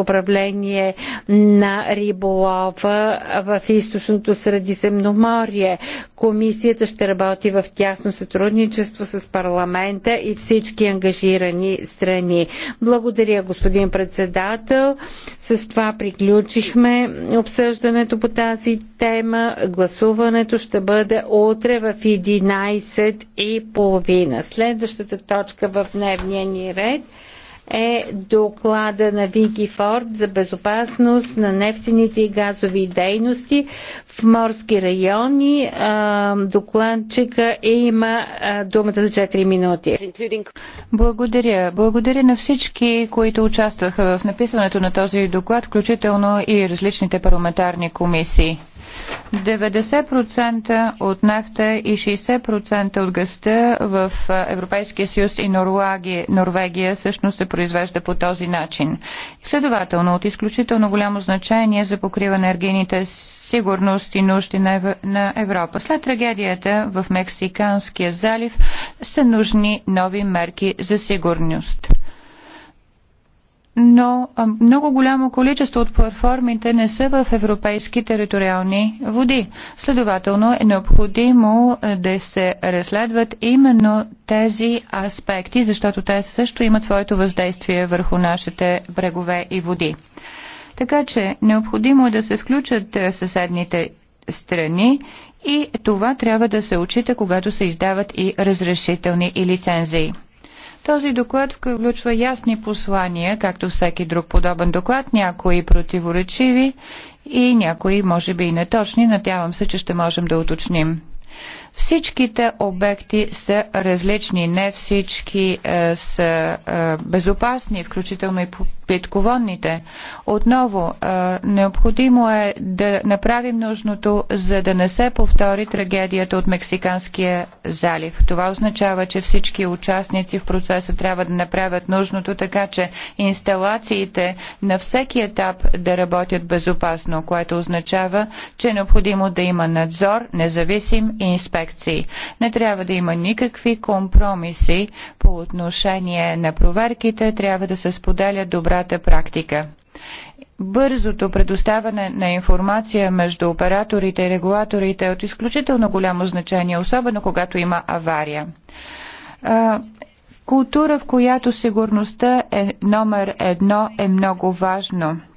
управление на риболова в източното Средиземноморие. Комисията ще работи в тясно сътрудничество с парламента и всички ангажирани страни. Благодаря, господин председател. С това приключихме обсъждането по тази тема. Гласуването ще бъде утре в 11.30. Следващата точка в дневния ни ред е доклада на Вики Форд за безопасност на нефтените и газови дейности в морски райони. Докладчика е, има думата за 4 минути. Благодаря. Благодаря на всички, които участваха в написването на този доклад, включително и различните парламентарни комисии. 90% от нефта и 60% от гъста в Европейския съюз и Норвегия, Норвегия всъщност се произвежда по този начин. Следователно, от изключително голямо значение за покрива енергийните сигурност и нужди на Европа. След трагедията в Мексиканския залив са нужни нови мерки за сигурност но много голямо количество от платформите не са в европейски териториални води. Следователно е необходимо да се разследват именно тези аспекти, защото те също имат своето въздействие върху нашите брегове и води. Така че необходимо е да се включат съседните страни и това трябва да се очита, когато се издават и разрешителни и лицензии. Този доклад включва ясни послания, както всеки друг подобен доклад, някои противоречиви и някои, може би, и неточни. Надявам се, че ще можем да уточним. Всичките обекти са различни, не всички е, са е, безопасни, включително и питководните. Отново, е, необходимо е да направим нужното, за да не се повтори трагедията от Мексиканския залив. Това означава, че всички участници в процеса трябва да направят нужното, така че инсталациите на всеки етап да работят безопасно, което означава, че е необходимо да има надзор, независим и инспектор инспекции. Не трябва да има никакви компромиси по отношение на проверките, трябва да се споделя добрата практика. Бързото предоставяне на информация между операторите и регулаторите е от изключително голямо значение, особено когато има авария. Култура, в която сигурността е номер едно, е много важно –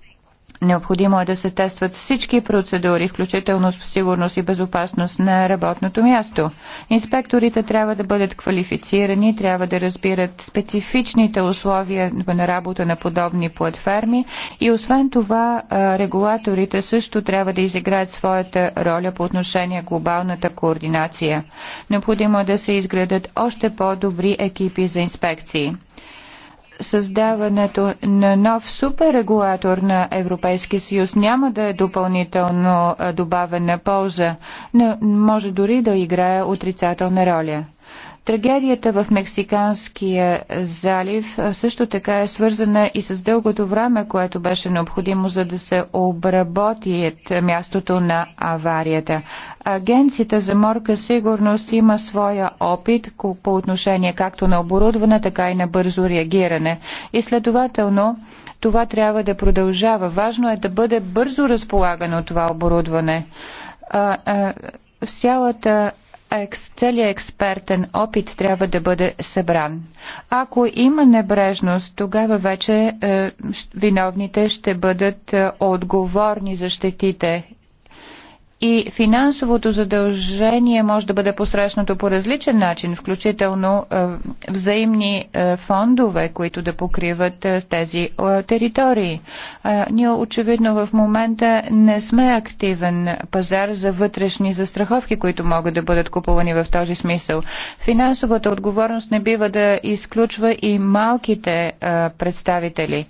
Необходимо е да се тестват всички процедури, включително сигурност и безопасност на работното място. Инспекторите трябва да бъдат квалифицирани, трябва да разбират специфичните условия на работа на подобни платформи и освен това регулаторите също трябва да изиграят своята роля по отношение глобалната координация. Необходимо е да се изградат още по-добри екипи за инспекции създаването на нов суперрегулатор на Европейския съюз няма да е допълнително добавена полза, но може дори да играе отрицателна роля. Трагедията в Мексиканския залив също така е свързана и с дългото време, което беше необходимо за да се обработи мястото на аварията. Агенцията за морка сигурност има своя опит по отношение както на оборудване, така и на бързо реагиране. И следователно, това трябва да продължава. Важно е да бъде бързо разполагано това оборудване. А, а, цялата целият експертен опит трябва да бъде събран. Ако има небрежност, тогава вече е, виновните ще бъдат е, отговорни за щетите и финансовото задължение може да бъде посрещнато по различен начин, включително е, взаимни е, фондове, които да покриват е, тези територии. Ние очевидно в момента не сме активен пазар за вътрешни застраховки, които могат да бъдат купувани в този смисъл. Финансовата отговорност не бива да изключва и малките представители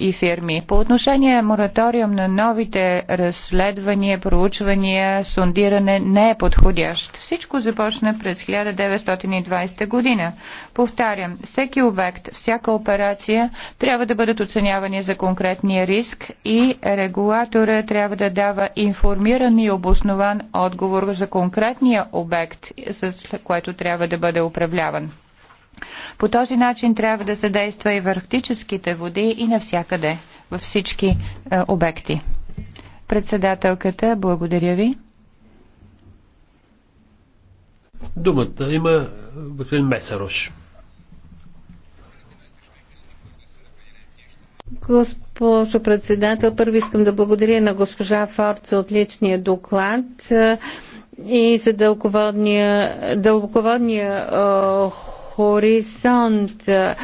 и фирми. По отношение мораториум на новите разследвания, проучвания, проучвания, сондиране не е подходящ. Всичко започна през 1920 година. Повтарям, всеки обект, всяка операция трябва да бъдат оценявани за конкретния риск и регулатора трябва да дава информиран и обоснован отговор за конкретния обект, с което трябва да бъде управляван. По този начин трябва да се действа и в арктическите води и навсякъде, във всички е, обекти. Председателката, благодаря ви. Думата има е, господин Месарош. Госпожо председател, първо искам да благодаря на госпожа Форд за отличния доклад е, и за дълбоководния, дълбоководния е, хоризонт. Е,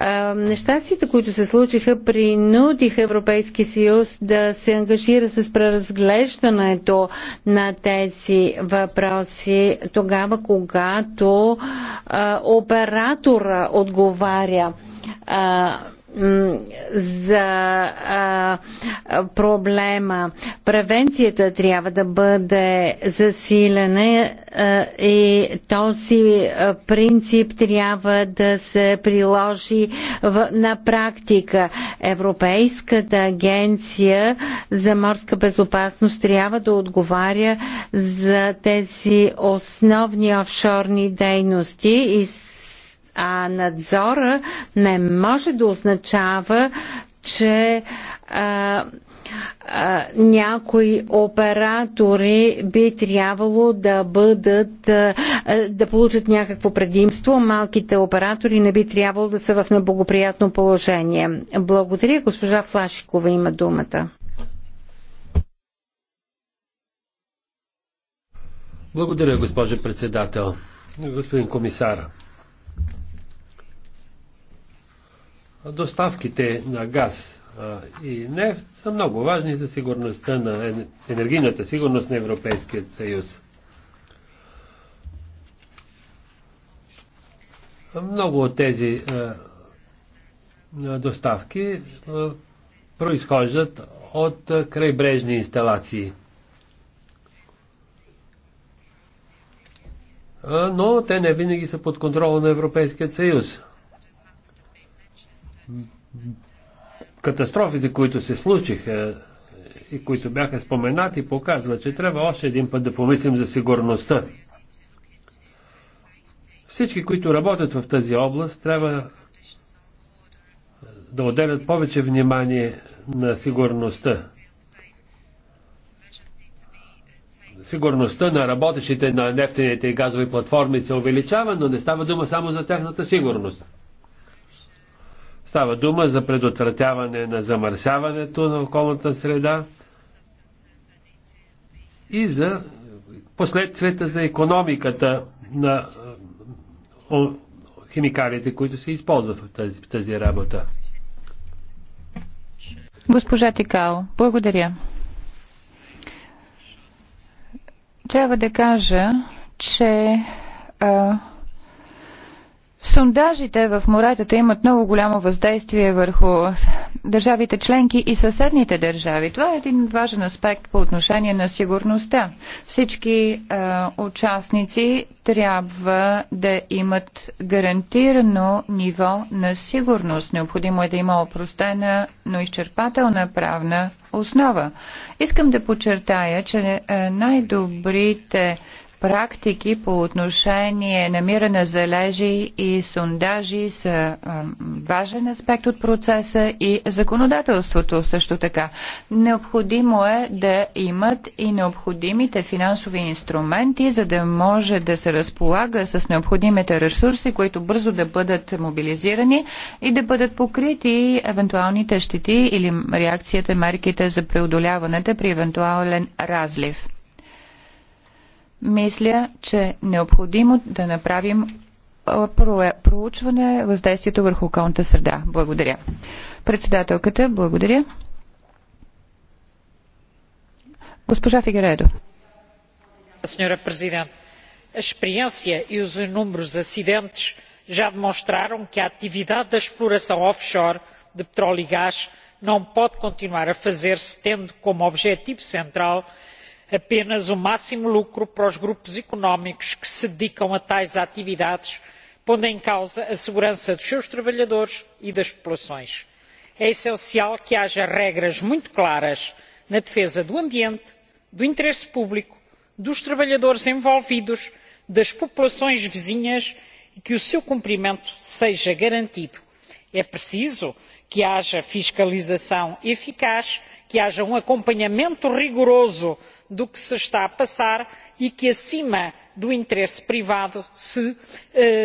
е, нещастията, които се случиха, принудиха Европейски съюз да се ангажира с преразглеждането на тези въпроси тогава, когато е, оператора отговаря за а, проблема. Превенцията трябва да бъде засилена е, е, и този е, принцип трябва да се приложи в, на практика. Европейската агенция за морска безопасност трябва да отговаря за тези основни офшорни дейности и а надзора не може да означава, че а, а, някои оператори би трябвало да бъдат а, да получат някакво предимство, малките оператори не би трябвало да са в неблагоприятно положение. Благодаря, госпожа Флашикова има думата. Благодаря, госпожа председател. Господин комисар, доставките на газ и нефт са много важни за сигурността на енергийната сигурност на Европейския съюз. Много от тези доставки произхождат от крайбрежни инсталации. Но те не винаги са под контрола на Европейския съюз катастрофите, които се случиха и които бяха споменати, показва, че трябва още един път да помислим за сигурността. Всички, които работят в тази област, трябва да отделят повече внимание на сигурността. Сигурността на работещите на нефтените и газови платформи се увеличава, но не става дума само за тяхната сигурност. Става дума за предотвратяване на замърсяването на околната среда и за последствията за економиката на химикалите, които се използват в тази, тази работа. Госпожа Тикао, благодаря. Трябва да кажа, че а, Сондажите в моретата имат много голямо въздействие върху държавите членки и съседните държави. Това е един важен аспект по отношение на сигурността. Всички е, участници трябва да имат гарантирано ниво на сигурност. Необходимо е да има опростена, но изчерпателна правна основа. Искам да подчертая, че е, най-добрите практики по отношение намиране залежи и сондажи са важен аспект от процеса и законодателството също така. Необходимо е да имат и необходимите финансови инструменти, за да може да се разполага с необходимите ресурси, които бързо да бъдат мобилизирани и да бъдат покрити евентуалните щети или реакцията, мерките за преодоляването при евентуален разлив мисля, че необходимо да направим проучване въздействието върху околната среда. Благодаря. Председателката, благодаря. Госпожа Фигередо. Senhora Presidente, a experiência e os inúmeros acidentes já demonstraram que a atividade da exploração offshore de petróleo e gás não pode continuar a fazer-se tendo como objetivo central apenas o máximo lucro para os grupos económicos que se dedicam a tais atividades pondo em causa a segurança dos seus trabalhadores e das populações. é essencial que haja regras muito claras na defesa do ambiente do interesse público dos trabalhadores envolvidos das populações vizinhas e que o seu cumprimento seja garantido é preciso que haja fiscalização eficaz que haja um acompanhamento rigoroso do que se está a passar e que acima do interesse privado se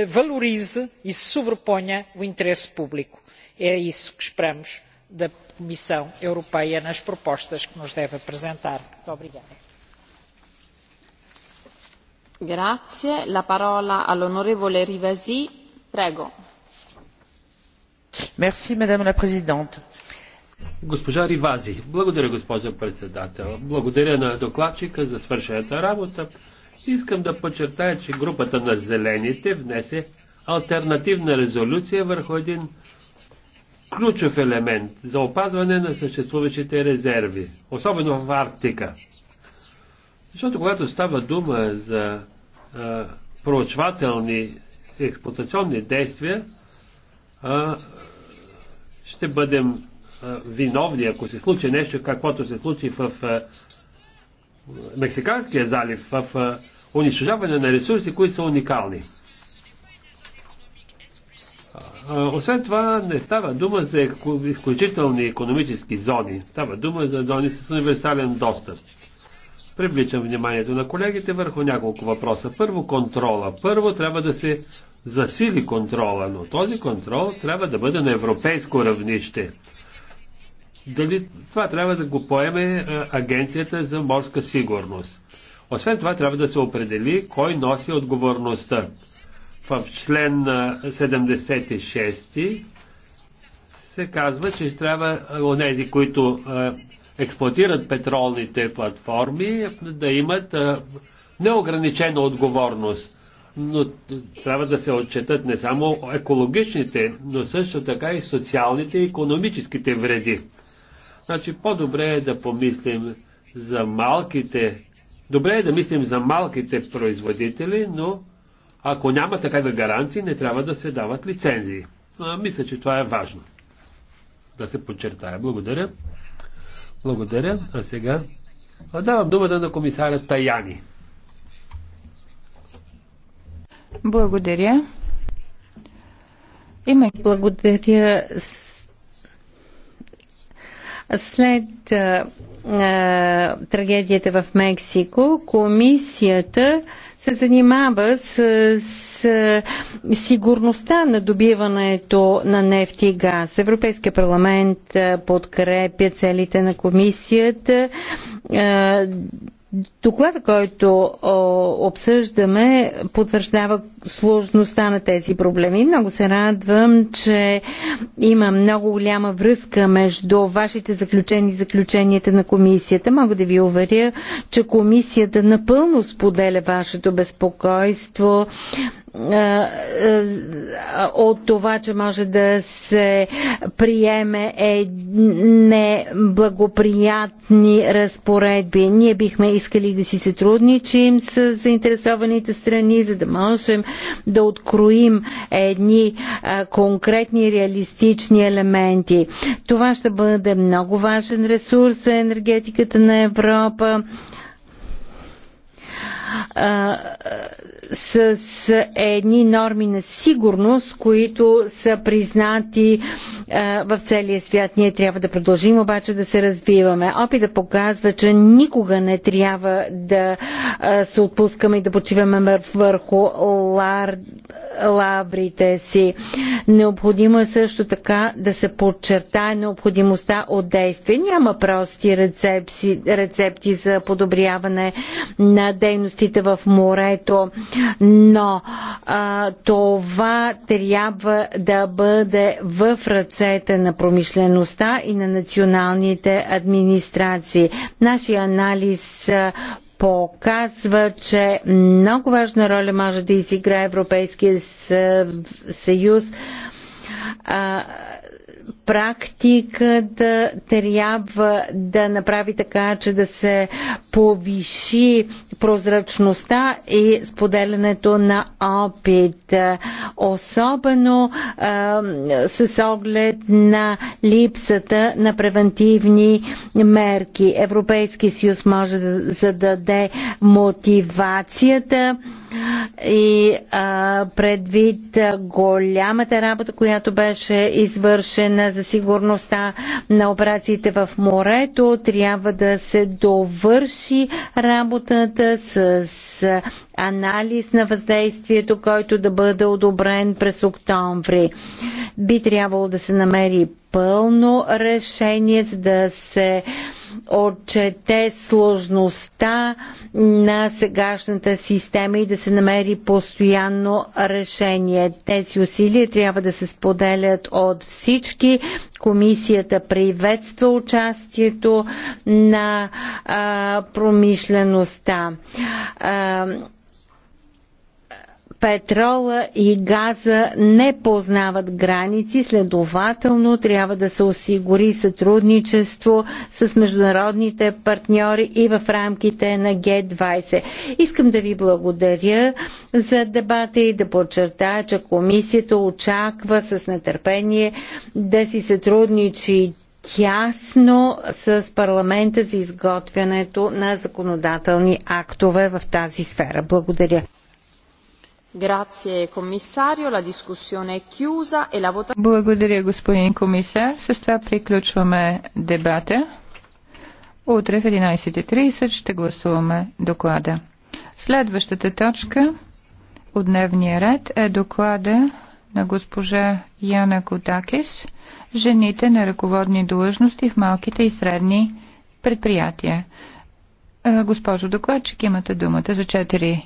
valorize e se sobreponha o interesse público. é isso que esperamos da comissão europeia nas propostas que nos deve apresentar. muito obrigada. Grazie. La parola all'onorevole Rivasi. Prego. Madame la Présidente. Госпожа Ривази. Благодаря, госпожа председател. Благодаря на докладчика за свършената работа. Искам да подчертая, че групата на зелените внесе альтернативна резолюция върху един ключов елемент за опазване на съществуващите резерви, особено в Арктика. Защото когато става дума за а, проучвателни експлуатационни действия, а, ще бъдем виновни, ако се случи нещо, каквото се случи в Мексиканския залив, в унищожаване на ресурси, които са уникални. Освен това, не става дума за изключителни економически зони. Става дума за зони с универсален достъп. Привличам вниманието на колегите върху няколко въпроса. Първо, контрола. Първо, трябва да се засили контрола, но този контрол трябва да бъде на европейско равнище. Дали това трябва да го поеме е, Агенцията за морска сигурност? Освен това трябва да се определи кой носи отговорността. В член 76 е, се казва, че трябва е, онези, които експлуатират петролните платформи, да имат неограничена отговорност но трябва да се отчетат не само екологичните, но също така и социалните и економическите вреди. Значи по-добре е да помислим за малките, добре е да мислим за малките производители, но ако няма такава гаранции, не трябва да се дават лицензии. А, мисля, че това е важно да се подчертая. Благодаря. Благодаря. А сега давам думата на комисаря Таяни. Благодаря. Има... Благодаря. След а, а, трагедията в Мексико, комисията се занимава с, с сигурността на добиването на нефти и газ. Европейския парламент подкрепя целите на комисията. А, Доклада, който о, обсъждаме, потвърждава сложността на тези проблеми. Много се радвам, че има много голяма връзка между вашите заключения и заключенията на комисията. Мога да ви уверя, че комисията напълно споделя вашето безпокойство от това, че може да се приеме е неблагоприятни разпоредби. Ние бихме искали да си сътрудничим с заинтересованите страни, за да можем да откроим едни конкретни реалистични елементи. Това ще бъде много важен ресурс за енергетиката на Европа а, с, с едни норми на сигурност, които са признати а, в целия свят. Ние трябва да продължим обаче да се развиваме. Опита да показва, че никога не трябва да а, се отпускаме и да почиваме върху лар, лаврите си. Необходимо е също така да се подчертае необходимостта от действие. Няма прости рецепти, рецепти за подобряване на дейностите в в морето, но а, това трябва да бъде в ръцете на промишлеността и на националните администрации. Нашия анализ показва, че много важна роля може да изиграе Европейския съюз а, практиката трябва да направи така, че да се повиши прозрачността и споделянето на опит, особено а, с оглед на липсата на превентивни мерки. Европейски съюз може да зададе мотивацията и а, предвид голямата работа, която беше извършена за сигурността на операциите в морето, трябва да се довърши работата с, анализ на въздействието, който да бъде одобрен през октомври. Би трябвало да се намери пълно решение, за да се а, отчете сложността на сегашната система и да се намери постоянно решение. Тези усилия трябва да се споделят от всички. Комисията приветства участието на а, промишлеността. А, Петрола и газа не познават граници, следователно трябва да се осигури сътрудничество с международните партньори и в рамките на Г-20. Искам да ви благодаря за дебата и да подчертая, че комисията очаква с нетърпение да си сътрудничи тясно с парламента за изготвянето на законодателни актове в тази сфера. Благодаря. E Благодаря, господин комисар. С това приключваме дебата. Утре в 11.30 ще гласуваме доклада. Следващата точка от дневния ред е доклада на госпожа Яна Котакис «Жените на ръководни длъжности в малките и средни предприятия». Е, госпожо докладчик, имате думата за 4